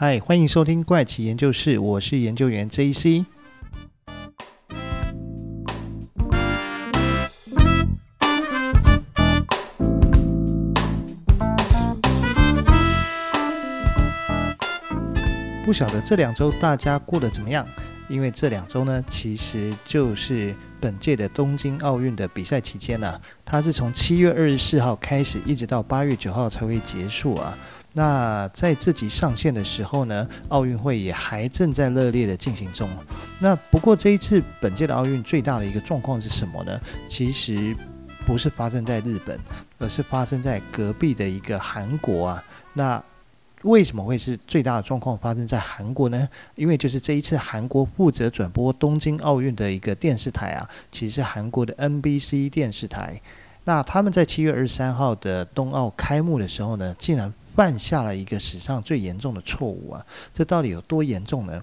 嗨，歡迎收聽怪奇研究室，我是研究員 JC。不曉得這兩周大家過得怎麼樣？因為這兩周呢，其實就是本屆的東京奧運的比賽期間呢，啊，它是從七月二十四號開始，一直到八月九號才會結束啊。那在自己上線的時候呢，奧運會也還正在熱烈的進行中。那不過這一次本屆的奧運最大的一個狀況是什麼呢？其實不是發生在日本，而是發生在隔壁的一個韓國啊。那為什麼會是最大的狀況發生在韓國呢？因為就是這一次韓國負責轉播東京奧運的一個電視台啊，其實是韓國的 NBC 電視台。那他們在七月二十三號的冬奧開幕的時候呢，竟然。犯下了一個史上最嚴重的錯誤啊！這到底有多嚴重呢？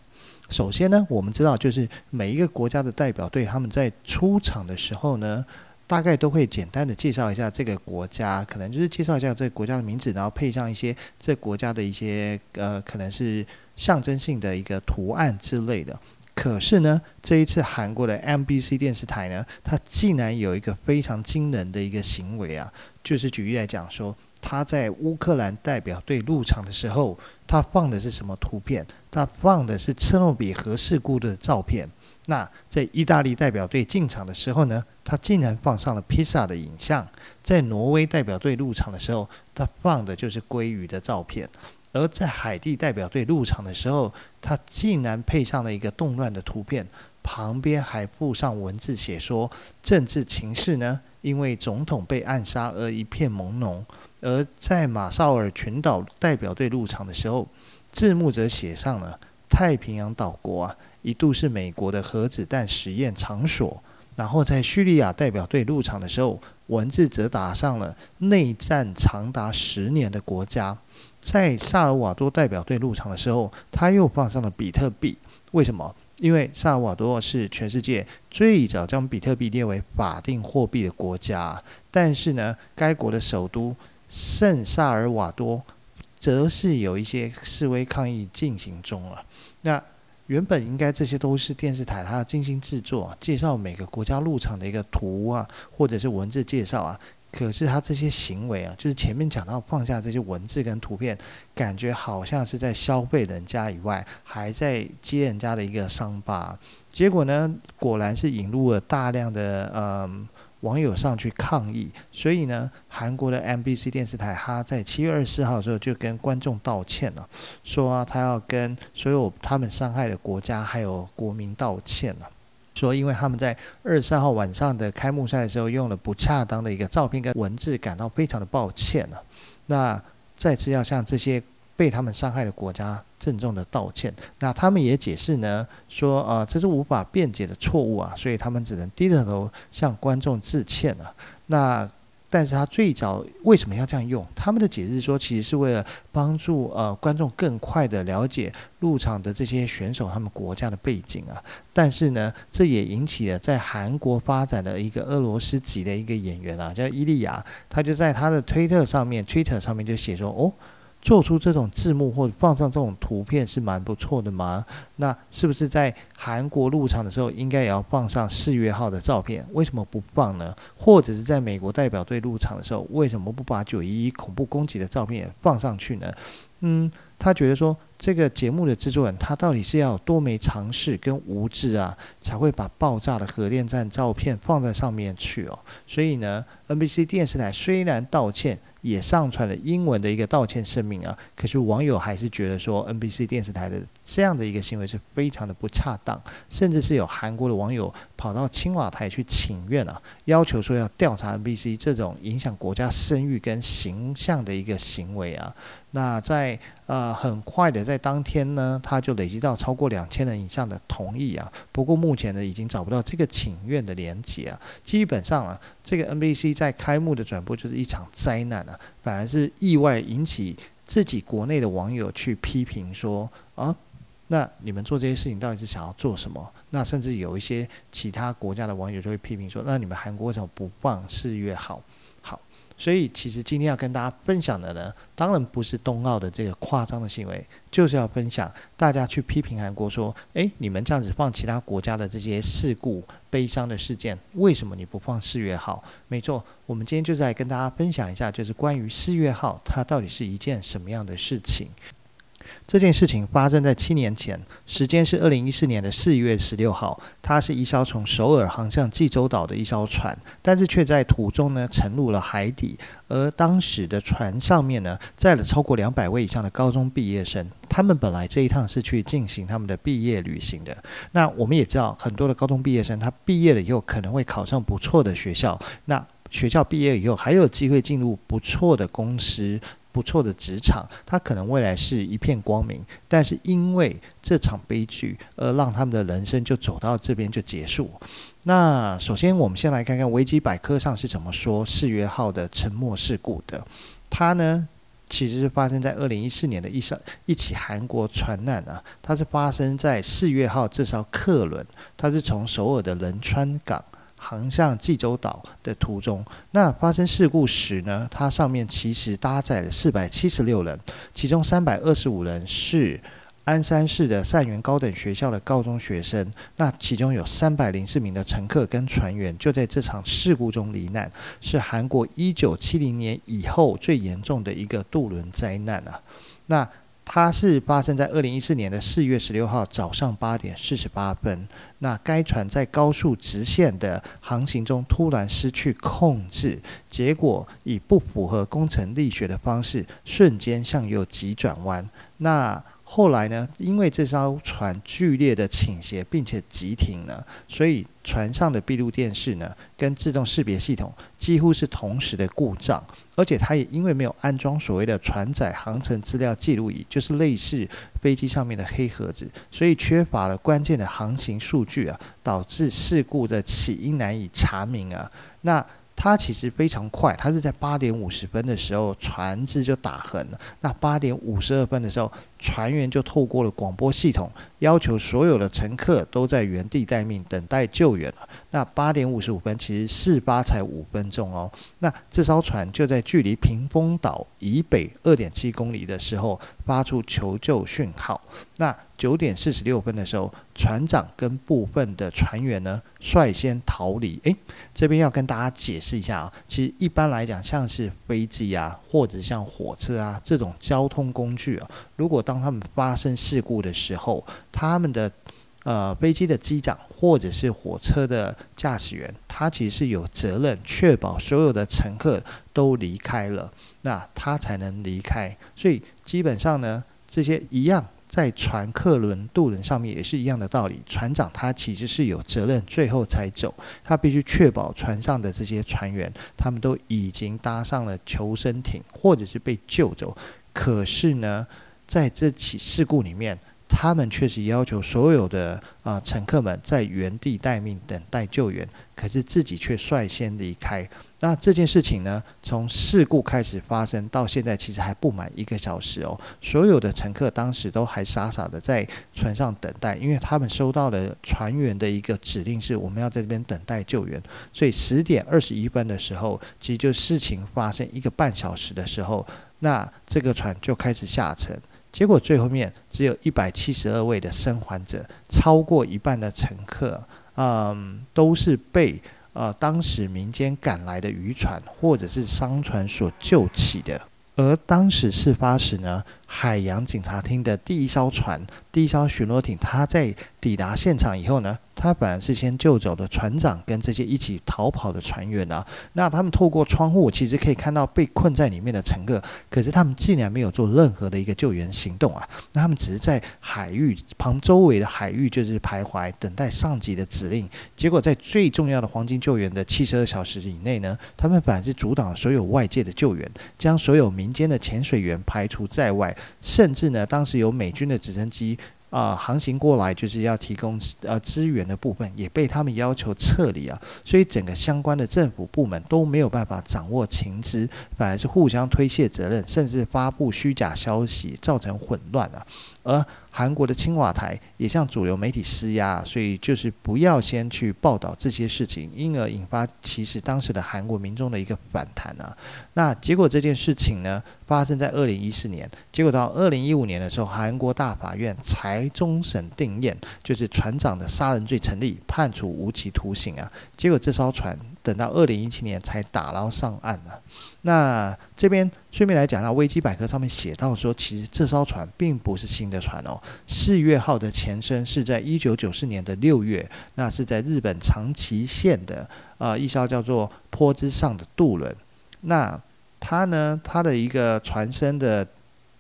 首先呢，我們知道，就是每一個國家的代表隊，他們在出場的時候呢，大概都會簡單的介紹一下這個國家，可能就是介紹一下這個國家的名字，然後配上一些這國家的一些呃，可能是象徵性的一個圖案之類的。可是呢，這一次韓國的 MBC 電視台呢，它竟然有一個非常驚人的一個行為啊，就是舉例來講說。他在烏克蘭代表隊入場的時候，他放的是什麼圖片？他放的是車諾比核事故的照片。那在意大利代表隊進場的時候呢？他竟然放上了披薩的影像。在挪威代表隊入場的時候，他放的就是鮭魚的照片。而在海地代表隊入場的時候，他竟然配上了一個動亂的圖片，旁邊還附上文字寫說：政治情勢呢，因為總統被暗殺而一片朦朧。而在馬紹爾群島代表隊入場的時候，字幕則寫上了“太平洋島國啊，一度是美國的核子彈實驗場所”。然後在敘利亞代表隊入場的時候，文字則打上了“內戰長達十年的國家”。在薩爾瓦多代表隊入場的時候，他又放上了比特幣。為什麼？因為薩爾瓦多是全世界最早將比特幣列為法定貨幣的國家。但是呢，該國的首都。聖薩爾瓦多則是有一些示威抗議進行中了。那原本應該這些都是電視台他精心製作，介紹每個國家入場的一個圖啊，或者是文字介紹啊。可是他這些行為啊，就是前面講到放下這些文字跟圖片，感覺好像是在消費人家以外，還在揭人家的一個傷疤。結果呢，果然是引入了大量的嗯。網友上去抗議，所以呢，韓國的 MBC 電視台，他在七月二十四號的時候就跟觀眾道歉了、啊，說、啊、他要跟所有他們傷害的國家還有國民道歉了、啊，說因為他們在二十三號晚上的開幕賽的時候用了不恰當的一個照片跟文字，感到非常的抱歉了、啊，那再次要向這些。被他們傷害的國家鄭重的道歉。那他們也解釋呢，說啊、呃，這是無法辯解的錯誤啊，所以他們只能低着頭向觀眾致歉了、啊。那但是他最早為什麼要這樣用？他們的解釋說，其實是為了幫助呃觀眾更快的了解入場的這些選手他們國家的背景啊。但是呢，這也引起了在韓國發展的一個俄羅斯籍的一個演員啊，叫伊利亞，他就在他的推特上面，推特上面就寫說，哦。做出這種字幕或者放上這種圖片是蠻不錯的嘛？那是不是在韓國入場的時候應該也要放上四月號的照片？為什麼不放呢？或者是在美國代表隊入場的時候為什麼不把九一一恐怖攻擊的照片也放上去呢？嗯，他覺得說這個節目的制作人他到底是要多沒常識跟無知啊，才會把爆炸的核電站照片放在上面去哦？所以呢，NBC 電視台雖然道歉。也上傳了英文的一個道歉聲明啊，可是網友還是覺得說 NBC 電視台的。這樣的一個行為是非常的不恰當，甚至是有韓國的網友跑到青瓦台去請願啊，要求說要調查 MBC 這種影響國家聲譽跟形象的一個行為啊。那在呃很快的在當天呢，他就累積到超過兩千人以上的同意啊。不過目前呢已經找不到這個請願的連結啊。基本上啊，這個 MBC 在開幕的轉播就是一場災難啊，反而是意外引起自己國內的網友去批評說啊。那你們做這些事情到底是想要做什麼？那甚至有一些其他國家的網友就會批評說：“那你們韓國為什麼不放‘世越號’？”好，所以其實今天要跟大家分享的呢，當然不是冬奧的這個誇張的行為，就是要分享大家去批評韓國說：“誒，你們這樣子放其他國家的這些事故、悲傷的事件，為什麼你不放‘世越號’？”沒錯，我們今天就是來跟大家分享一下，就是關於‘世越號’它到底是一件什麼樣的事情。這件事情發生在七年前，時間是二零一四年的四月十六號。它是一艘從首爾航向濟州島的一艘船，但是卻在途中呢沉入了海底。而當時的船上面呢載了超過兩百位以上的高中畢業生，他們本來這一趟是去進行他們的畢業旅行的。那我們也知道，很多的高中畢業生他畢業了以後，可能會考上不錯的學校。那學校畢業以後，還有機會進入不錯的公司。不錯的職場，他可能未來是一片光明，但是因為這場悲劇而讓他們的人生就走到這邊就結束。那首先我們先來看看維基百科上是怎麼說世越號的沉沒事故的。它呢其實是發生在二零一四年的一艘一起韓國船難啊，它是發生在世越號這艘客輪，它是從首爾的仁川港。航向濟州島的途中，那發生事故時呢，它上面其實搭載了四百七十六人，其中三百二十五人是安山市的善元高等學校的高中學生。那其中有三百零四名的乘客跟船員就在這場事故中罹難，是韓國一九七零年以後最嚴重的一個渡輪災難啊。那它是發生在二零一四年的四月十六號早上八點四十八分。那該船在高速直線的航行中突然失去控制，結果以不符合工程力學的方式瞬間向右急轉彎。那後來呢，因為這艘船劇烈的傾斜，並且急停了，所以船上的閉路電視呢，跟自動識別系統幾乎是同時的故障，而且它也因為沒有安裝所謂的船載航程資料記錄儀，就是類似飛機上面的黑盒子，所以缺乏了關鍵的航行數據啊，導致事故的起因難以查明啊。那它其實非常快，它是在八點五十分的時候船只就打橫了。那八點五十二分的時候，船員就透過了廣播系統要求所有的乘客都在原地待命，等待救援了。那八點五十五分，其實事發才五分鐘哦。那這艘船就在距離屏風島以北二點七公里的時候發出求救訊號。那九點四十六分的時候，船長跟部分的船員呢率先逃離。哎，這邊要跟大家解釋一下啊，其實一般來講，像是飛機啊，或者像火車啊這種交通工具啊，如果當他們發生事故的時候，他們的呃飛機的機長或者是火車的駕駛員，他其實是有責任確保所有的乘客都離開了，那他才能離開。所以基本上呢，這些一樣。在船客輪、渡輪上面也是一樣的道理。船長他其實是有責任，最後才走，他必須確保船上的這些船員，他們都已經搭上了求生艇，或者是被救走。可是呢，在這起事故裡面。他們確實要求所有的啊、呃、乘客們在原地待命，等待救援，可是自己卻率先離開。那這件事情呢，從事故開始發生到現在，其實還不滿一個小時哦。所有的乘客當時都還傻傻的在船上等待，因為他們收到了船員的一個指令是，我們要在這邊等待救援。所以十點二十一分的時候，其實就事情發生一個半小時的時候，那這個船就開始下沉。結果最後面只有一百七十二位的生還者，超過一半的乘客，嗯，都是被啊、呃、當時民間趕來的漁船或者是商船所救起的。而當時事發時呢，海洋警察廳的第一艘船、第一艘巡邏艇，它在抵達現場以後呢。他本來是先救走的船長跟這些一起逃跑的船員啊，那他們透過窗戶其實可以看到被困在裡面的乘客，可是他們竟然沒有做任何的一個救援行動啊，那他們只是在海域旁周圍的海域就是徘徊，等待上級的指令。結果在最重要的黃金救援的七十二小時以內呢，他們反而是阻擋了所有外界的救援，將所有民間的潛水員排除在外，甚至呢，當時有美軍的直升機。啊、呃，航行過來就是要提供呃資源的部分，也被他們要求撤離啊，所以整個相關的政府部門都沒有辦法掌握情資，反而是互相推卸責任，甚至發布虛假消息，造成混亂啊。而韓國的青瓦台也向主流媒體施壓，所以就是不要先去報道這些事情，因而引發其實當時的韓國民眾的一個反彈啊。那結果這件事情呢，發生在二零一四年，結果到二零一五年的時候，韓國大法院才終審定讞，就是船長的殺人罪成立，判處無期徒刑啊。結果這艘船。等到二零一七年才打撈上岸了。那這邊順便來講呢，那危機百科上面寫到說，其實這艘船並不是新的船哦。世越號的前身是在一九九四年的六月，那是在日本長崎縣的、呃、一艘叫做坡之上的渡輪。那它呢，它的一個船身的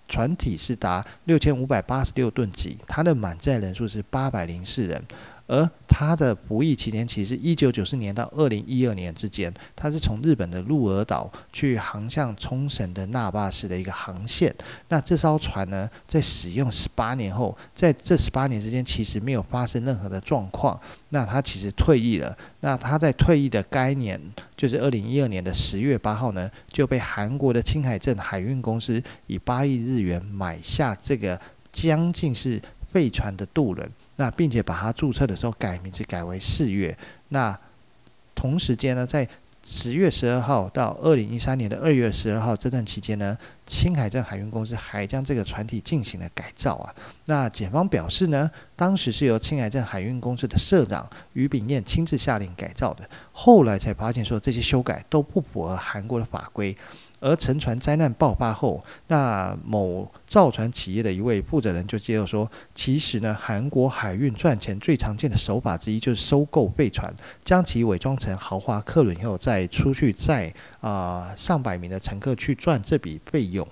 船體是達六千五百八十六噸級，它的滿載人數是八百零四人。而它的服役期間其實一九九四年到二零一二年之間，它是從日本的鹿兒島去航向沖繩的那霸市的一個航線。那這艘船呢，在使用十八年後，在這十八年之間其實沒有發生任何的狀況。那它其實退役了。那它在退役的該年，就是二零一二年的十月八號呢，就被韓國的青海鎮海運公司以八億日元買下這個將近是廢船的渡輪。那並且把它註冊的時候改名字改為四月，那同時間呢，在十月十二號到二零一三年的二月十二號這段期間呢，青海鎮海運公司還將這個船體進行了改造啊。那檢方表示呢，當時是由青海鎮海運公司的社長俞炳彥親自下令改造的，後來才發現說，這些修改都不符合韓國的法規。而沉船災難爆發後，那某造船企業的一位負責人就介紹說，其實呢，韓國海運賺錢最常見的手法之一就是收購廢船，將其偽裝成豪華客輪後，後再出去載啊、呃、上百名的乘客去賺這筆費用。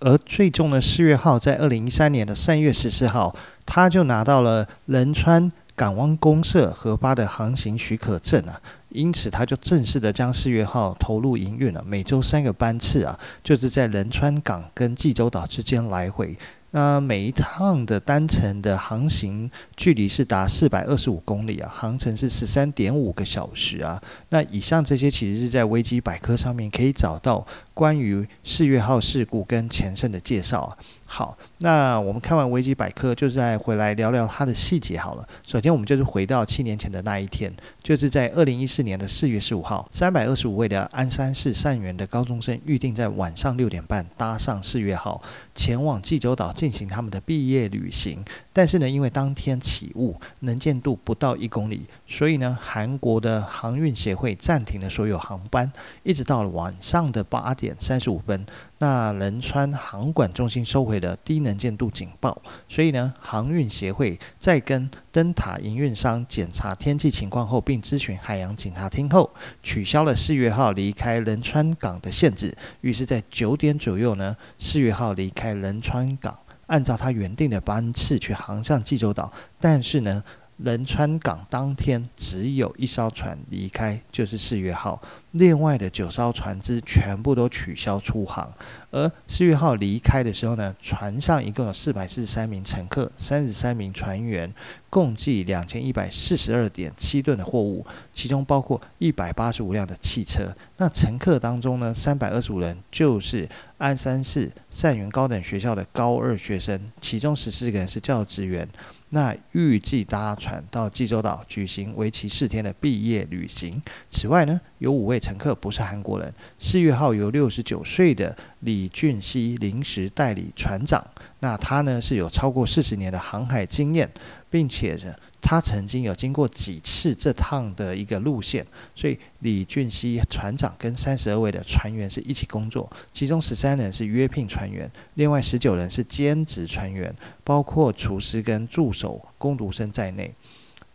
而最終呢，世越號在二零一三年的三月十四號，他就拿到了仁川港灣公社核發的航行許可證啊。因此，他就正式的將世越號投入營運了，啊，每周三個班次啊，就是在仁川港跟濟州島之間來回。那每一趟的單程的航行距離是達四百二十五公里啊，航程是十三點五個小時啊。那以上這些其實是在維基百科上面可以找到關於世越號事故跟前身的介紹，啊好，那我們看完維基百科，就再回來聊聊它的細節好了。首先，我們就是回到七年前的那一天，就是在二零一四年的四月十五號，三百二十五位的安山市善園的高中生預定在晚上六點半搭上世越號前往濟州島進行他們的畢業旅行。但是呢，因為當天起霧，能見度不到一公里，所以呢，韓國的航運協會暫停了所有航班，一直到了晚上的八點三十五分。那仁川航管中心收回了低能見度警報，所以呢，航運協會在跟燈塔營運商檢查天氣情況後，並諮詢海洋警察廳後，取消了世越號離開仁川港的限制。於是，在九點左右呢，世越號離開仁川港，按照他原定的班次去航向濟州島。但是呢，仁川港當天只有一艘船離開，就是世越號，另外的九艘船隻全部都取消出航。而世越號離開的時候呢，船上一共有四百四十三名乘客，三十三名船員，共計兩千一百四十二點七噸的貨物，其中包括一百八十五輛的汽車。那乘客當中呢，三百二十五人就是安山市善元高等學校的高二學生，其中十四個人是教職員。那預計搭船到濟州島舉行為期四天的畢業旅行。此外呢，有五位乘客不是韓國人。四月號由六十九歲的李俊熙臨時代理船長，那他呢是有超過四十年的航海經驗，並且呢，他曾經有經過幾次這趟的一個路線，所以李俊熙船長跟三十二位的船員是一起工作，其中十三人是約聘船員，另外十九人是兼職船員，包括廚師跟助手、工讀生在內。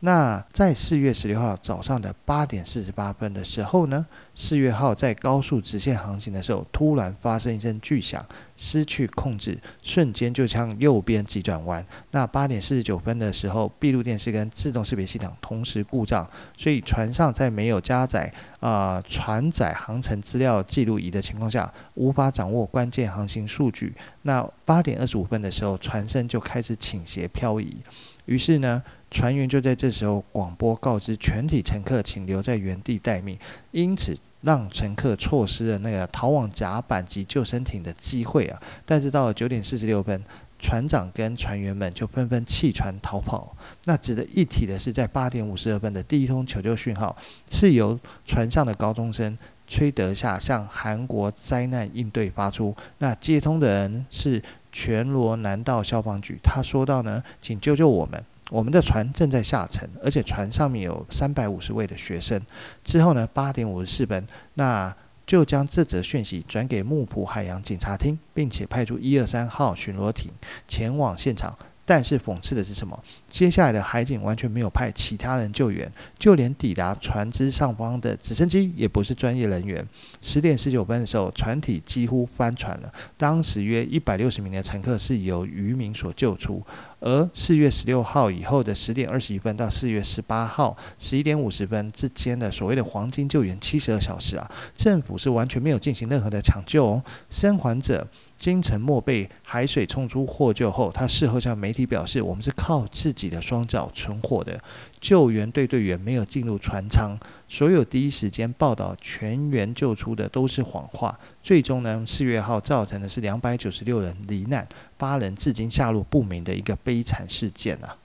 那在四月十六號早上的八點四十八分的時候呢，世越號在高速直線航行的時候，突然發生一聲巨響，失去控制，瞬間就向右邊急轉彎。那八點四十九分的時候，閉路電視跟自動識別系統同時故障，所以船上在沒有加載啊、呃、船載航程資料記錄儀的情況下，無法掌握關鍵航行數據。那八點二十五分的時候，船身就開始傾斜漂移，於是呢。船員就在這時候廣播告知全體乘客，請留在原地待命，因此讓乘客錯失了那個逃往甲板及救生艇的機會啊！但是到了九點四十六分，船長跟船員們就紛紛棄船逃跑。那值得一提的是，在八點五十二分的第一通求救訊號是由船上的高中生崔德夏向韓國災難應對發出，那接通的人是全羅南道消防局。他說道呢，請救救我們。我們的船正在下沉，而且船上面有三百五十位的學生。之後呢，八點五十四分，那就將這則訊息轉給木浦海洋警察廳，並且派出一二三號巡邏艇前往現場。但是諷刺的是什麼？接下來的海警完全沒有派其他人救援，就連抵達船隻上方的直升機也不是專業人員。十點十九分的時候，船體幾乎翻船了。當時約一百六十名的乘客是由漁民所救出。而四月十六號以後的十點二十一分到四月十八號十一點五十分之間的所謂的黃金救援七十二小時啊，政府是完全沒有進行任何的搶救哦，生還者。金城默被海水衝出獲救後，他事後向媒體表示：“我們是靠自己的雙腳存活的，救援隊隊員沒有進入船艙，所有第一時間報道全員救出的都是謊話。”最終呢，世越號造成的是兩百九十六人罹難，八人至今下落不明的一個悲慘事件啊！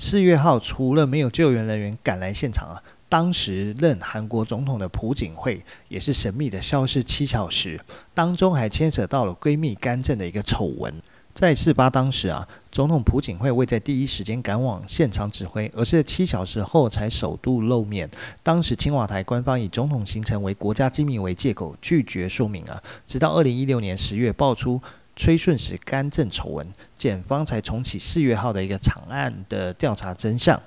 世越號除了沒有救援人員趕來現場啊。當時任韓國總統的朴槿惠也是神秘的消失七小時，當中還牽扯到了閨蜜干政的一個醜聞。在事發當時啊，總統朴槿惠未在第一時間趕往現場指揮，而是在七小時後才首度露面。當時青瓦台官方以總統行程為國家機密為借口拒絕說明啊，直到二零一六年十月曝出崔順實干政醜聞，檢方才重啟世越號的一個慘案的調查真相。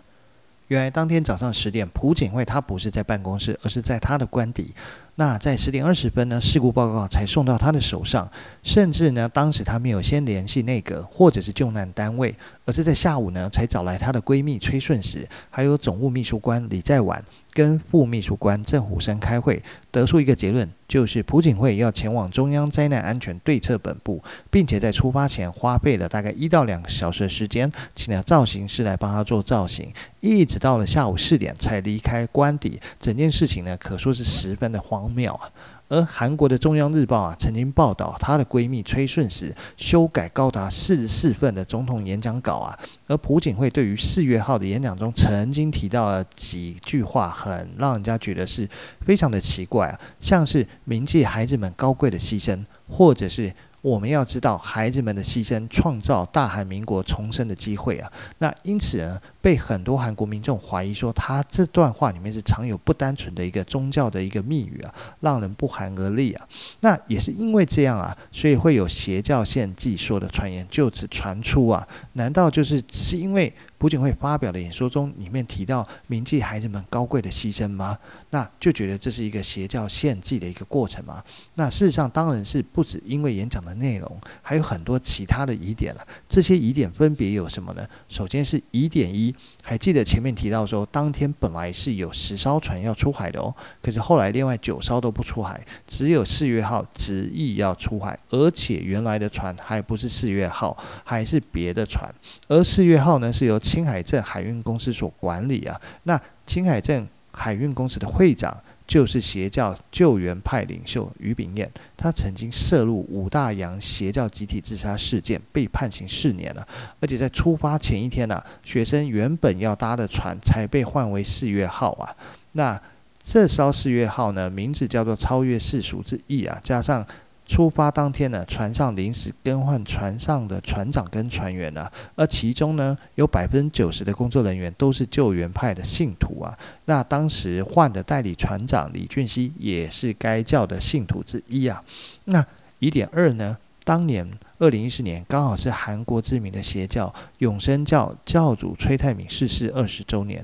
原來當天早上十點，朴槿惠她不是在辦公室，而是在她的官邸。那在十點二十分呢，事故報告才送到她的手上。甚至呢，當時她沒有先聯繫內閣或者是救難單位，而是在下午呢，才找來她的閨蜜崔順實，還有總務秘書官李在晚。跟副秘書官鄭虎生開會，得出一個結論，就是朴槿惠要前往中央災難安全對策本部，並且在出發前花費了大概一到兩個小時的時間，請了造型師來幫他做造型，一直到了下午四點才離開官邸。整件事情呢，可說是十分的荒謬啊。而韓國的中央日報啊，曾經報道她的閨蜜崔順實修改高達四十四份的總統演講稿啊。而朴槿惠對於四月號的演講中，曾經提到了幾句話很，很讓人家覺得是非常的奇怪啊，像是銘記孩子們高貴的犧牲，或者是我們要知道孩子們的犧牲，創造大韓民國重生的機會啊。那因此呢，被很多韓國民眾懷疑說，他這段話裡面是藏有不單純的一個宗教的一個密語啊，讓人不寒而慄啊。那也是因為這樣啊，所以會有邪教獻祭說的傳言就此傳出啊。難道就是只是因為朴槿惠發表的演說中裡面提到銘記孩子們高貴的犧牲嗎？那就覺得這是一個邪教獻祭的一個過程嗎？那事實上當然是不止因為演講的內容，還有很多其他的疑點了啊。這些疑點分別有什麼呢？首先是疑點一。還記得前面提到說，當天本來是有十艘船要出海的哦，可是後來另外九艘都不出海，只有世越號執意要出海，而且原來的船還不是世越號，還是別的船，而世越號呢是由青海鎮海運公司所管理啊，那青海鎮海運公司的會長。就是邪教救援派領袖俞炳彥，他曾經涉入五大洋邪教集體自殺事件，被判刑四年了。而且在出發前一天呢、啊，學生原本要搭的船才被換為“世越號”啊。那這艘“世越號”呢，名字叫做“超越世俗之意”啊，加上。出發當天呢，船上臨時更換船上的船長跟船員了啊，而其中呢，有百分之九十的工作人員都是救援派的信徒啊。那當時換的代理船長李俊熙也是該教的信徒之一啊。那疑點二呢，當年二零一四年剛好是韓國知名的邪教永生教教主崔太敏逝世二十周年。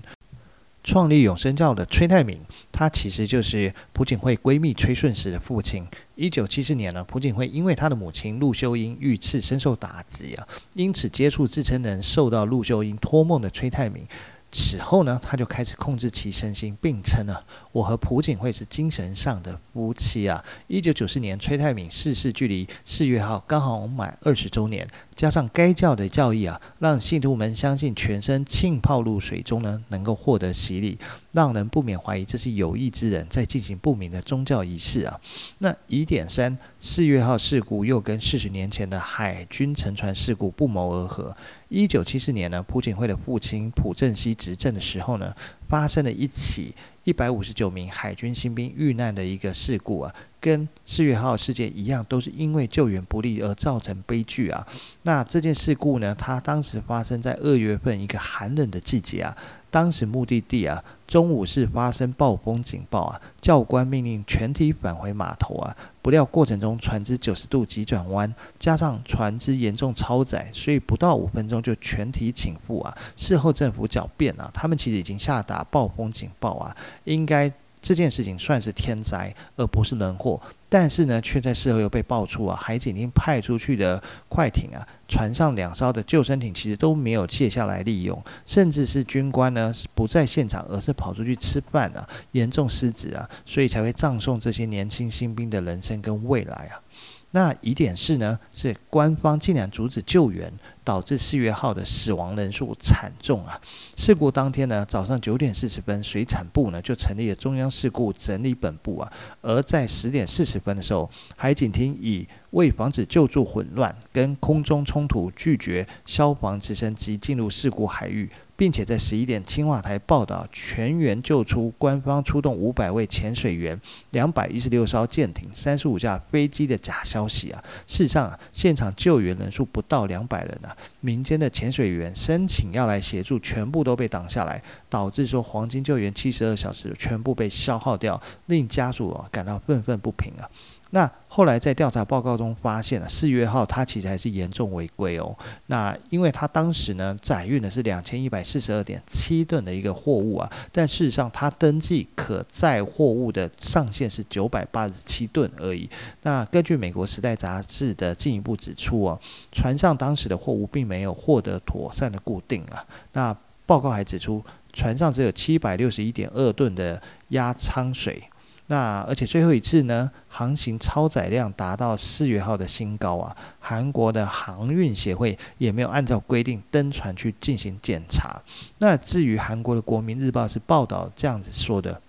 創立永生教的崔太敏，他其實就是朴槿惠閨蜜崔順實的父親。一九七四年呢，朴槿惠因為她的母親陸秀英遇刺，深受打擊啊，因此接觸自稱能受到陸秀英托夢的崔太敏。此後呢，他就開始控制其身心，並稱啊。我和朴槿惠是精神上的夫妻啊。一九九四年崔泰敏逝世，距離世越號剛好滿二十周年。加上該教的教義啊，讓信徒們相信全身浸泡入水中呢，能夠獲得洗禮，讓人不免懷疑這是有意之人在進行不明的宗教儀式啊。那疑點三，世越號事故又跟四十年前的海軍沉船事故不謀而合。一九七四年呢，朴槿惠的父親朴正熙執政的時候呢，發生了一起。一百五十九名海軍新兵遇難的一個事故啊，跟四月號事件一樣，都是因為救援不力而造成悲劇啊。那這件事故呢，它當時發生在二月份一個寒冷的季節啊。當時目的地啊，中午是發生暴風警報啊，教官命令全體返回碼頭啊，不料過程中船只九十度急轉彎，加上船只嚴重超載，所以不到五分鐘就全體傾覆啊。事後政府狡辯啊，他們其實已經下達暴風警報啊，應該這件事情算是天災而不是人禍。但是呢，卻在事後又被爆出啊，海警廳派出去的快艇啊，船上兩艘的救生艇其實都沒有卸下來利用，甚至是軍官呢不在現場，而是跑出去吃飯啊，嚴重失職啊，所以才會葬送這些年輕新兵的人生跟未來啊。那疑點是呢，是官方竟然阻止救援，導致“世越號”的死亡人數慘重啊！事故當天呢，早上九點四十分，水產部呢就成立了中央事故整理本部啊，而在十點四十分的時候，海警廳以為防止救助混亂跟空中衝突，拒絕消防直升機進入事故海域。並且在十一點，青瓦台報道全員救出，官方出動五百位潛水員、兩百一十六艘艦艇、三十五架飛機的假消息啊！事實上啊，現場救援人數不到兩百人啊，民間的潛水員申請要來協助，全部都被擋下來，導致說黃金救援七十二小時全部被消耗掉，令家屬啊感到憤憤不平啊。那後來在調查報告中發現了世越號，它其實還是嚴重違規哦。那因為它當時呢，載運的是兩千一百四十二點七噸的一個貨物啊，但事實上它登記可載貨物的上限是九百八十七噸而已。那根據美國時代雜誌的進一步指出啊，船上當時的貨物並沒有獲得妥善的固定啊。那報告還指出，船上只有七百六十一點二噸的壓艙水。那而且最後一次呢，航行超載量達到世越號的新高啊！韓國的航運協會也沒有按照規定登船去進行檢查。那至於韓國的《國民日報》是報道這樣子說的：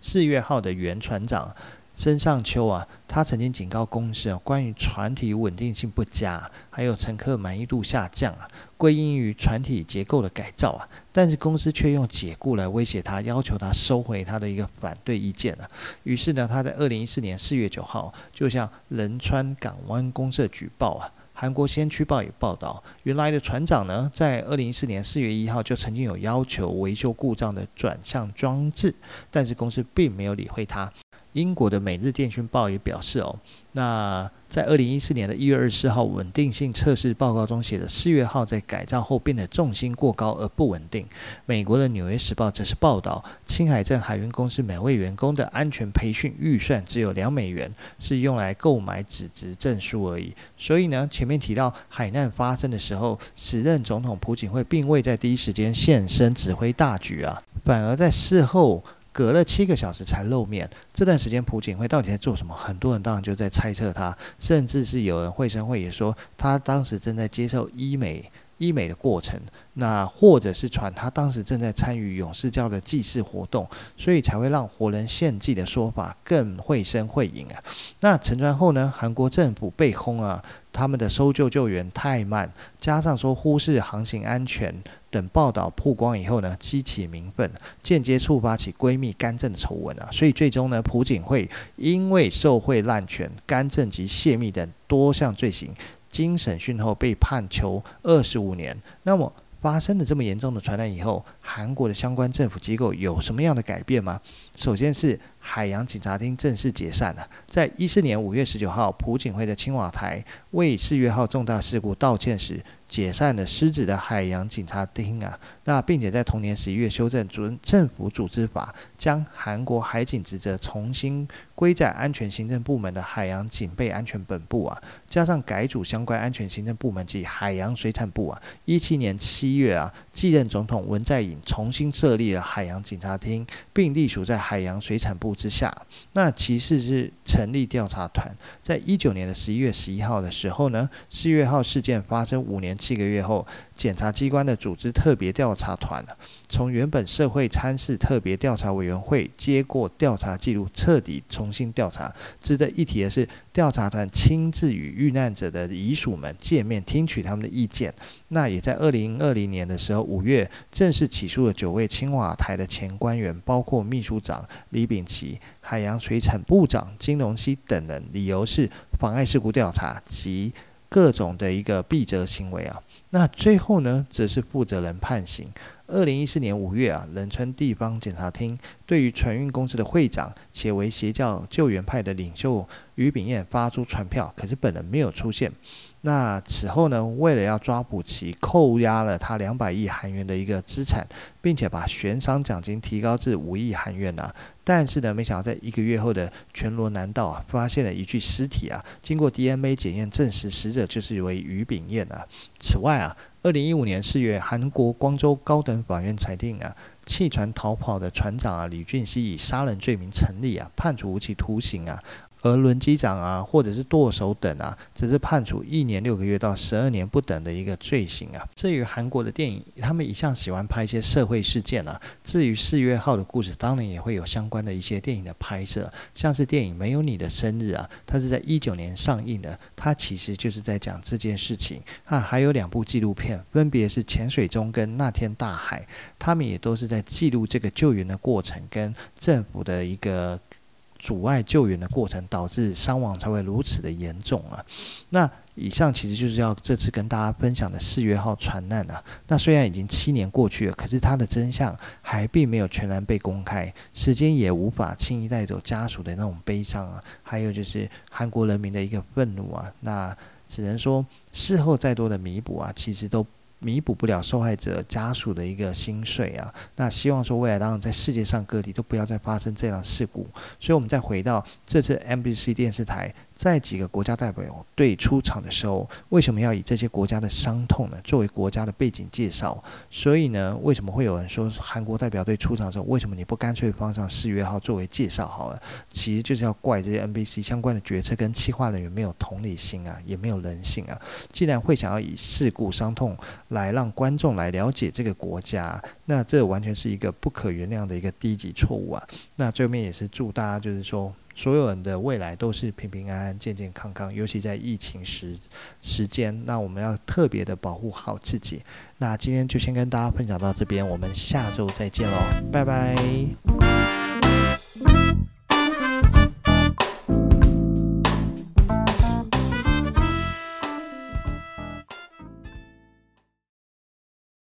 世越號的原船長。申尚秋啊，他曾經警告公司啊，關於船體穩定性不佳，還有乘客滿意度下降啊，歸因於船體結構的改造啊，但是公司卻用解雇來威脅他，要求他收回他的一個反對意見啊。於是呢，他在二零一四年四月九號，就向仁川港灣公社舉報啊。韓國先驅報也報道，原來的船長呢，在二零一四年四月一號就曾經有要求維修故障的轉向裝置，但是公司並沒有理會他。英國的《每日電訊報》也表示，哦，那在二零一四年的一月二十四號穩定性測試報告中寫的，世越號在改造後變得重心過高而不穩定。美國的《紐約時報》則是報道，清海鎮海運公司每位員工的安全培訓預算只有兩美元，是用來購買紙質證書而已。所以呢，前面提到海難發生的時候，時任總統朴槿惠並未在第一時間現身指揮大局啊，反而在事後。隔了七個小時才露面，這段時間朴槿惠到底在做什麼？很多人當然就在猜測她，甚至是有人繪聲繪影地說她當時正在接受醫美。醫美的過程，那或者是傳他當時正在參與勇士教的祭祀活動，所以才會讓活人獻祭的說法更繪聲繪影啊。那沉船後呢，韓國政府被轟啊，他們的搜救救援太慢，加上說忽視航行安全等報道曝光以後呢，激起民憤，間接觸發起閨蜜干政的醜聞啊。所以最終呢，朴槿惠因為受賄、濫權、干政及泄密等多項罪行。經審訊後被判囚二十五年。那麼，發生了這麼嚴重的船難以後，韓國的相關政府機構有什麼樣的改變嗎？首先是海洋警察廳正式解散了啊，在一四年五月十九號，朴槿惠的青瓦台為四月號重大事故道歉時，解散了失職的海洋警察廳啊。那並且在同年十一月修正主政府組織法，將韓國海警職責重新歸在安全行政部門的海洋警備安全本部啊。加上改組相關安全行政部門及海洋水產部啊。一七年七月啊，繼任總統文在寅重新設立了海洋警察廳，並隸屬在海洋水產部之下，那其實是，是成立調查團。在一九年的十一月十一號的時候呢，世越號事件發生五年七個月後，檢察機關的組織特別調查團，從原本社會慘事特別調查委員會接過調查記錄，徹底重新調查。值得一提的是，調查團親自與遇難者的遺屬們見面，聽取他們的意見。那也在二零二零年的時候，五月正式起訴了九位青瓦台的前官員，包括秘書長李秉琦、海洋水產部長金榮錫等人，理由是妨礙事故調查及。各種的一個避責行為啊，那最後呢，則是負責人判刑。二零一四年五月啊，仁川地方檢察廳對於船運公司的會長，且為邪教救援派的領袖俞炳彥發出傳票，可是本人沒有出現。那此後呢，為了要抓捕其，扣押了他兩百億韓元的一個資產，並且把懸賞獎金提高至五億韓元吶、啊。但是呢，沒想到在一個月後的全羅南道啊，發現了一具屍體啊，經過 DNA 檢驗證實死者就是為俞炳彥啊。此外啊，二零一五年四月，韓國光州高等法院裁定啊，棄船逃跑的船長啊李俊熙以殺人罪名成立啊，判處無期徒刑啊。而輪機長啊，或者是舵手等啊，只是判處一年六個月到十二年不等的一個罪行啊。至於韓國的電影，他們一向喜歡拍一些社會事件啊。至於“世越號”的故事，當然也會有相關的一些電影的拍攝，像是電影《沒有你的生日》啊，它是在一九年上映的，它其實就是在講這件事情啊。還有兩部紀錄片，分別是《潛水鐘》跟《那天大海》，他們也都是在記錄這個救援的過程跟政府的一個。阻礙救援的過程，導致傷亡才會如此的嚴重啊！那以上其實就是要這次跟大家分享的“世越號”船難啊。那雖然已經七年過去了，可是它的真相還並沒有全然被公開，時間也無法輕易帶走家屬的那種悲傷啊，還有就是韓國人民的一個憤怒啊。那只能說事後再多的彌補啊，其實都。彌補不了受害者家屬的一個心碎啊！那希望說未來當然在世界上各地都不要再發生這樣的事故。所以，我們再回到這次 MBC 電視台。在幾個國家代表隊出場的時候，為什麼要以這些國家的傷痛呢？作為國家的背景介紹？所以呢，為什麼會有人說韓國代表隊出場的時候，為什麼你不乾脆放上世越號作為介紹好了？其實就是要怪這些 NBC 相關的決策跟企劃人員沒有同理心啊，也沒有人性啊！既然會想要以事故傷痛來讓觀眾來了解這個國家，那這完全是一個不可原諒的一個低級錯誤啊！那最後面也是祝大家，就是說。所有人的未來都是平平安安、健健康康，尤其在疫情時時間，那我們要特別的保護好自己。那今天就先跟大家分享到這邊，我們下周再見嘍，拜拜。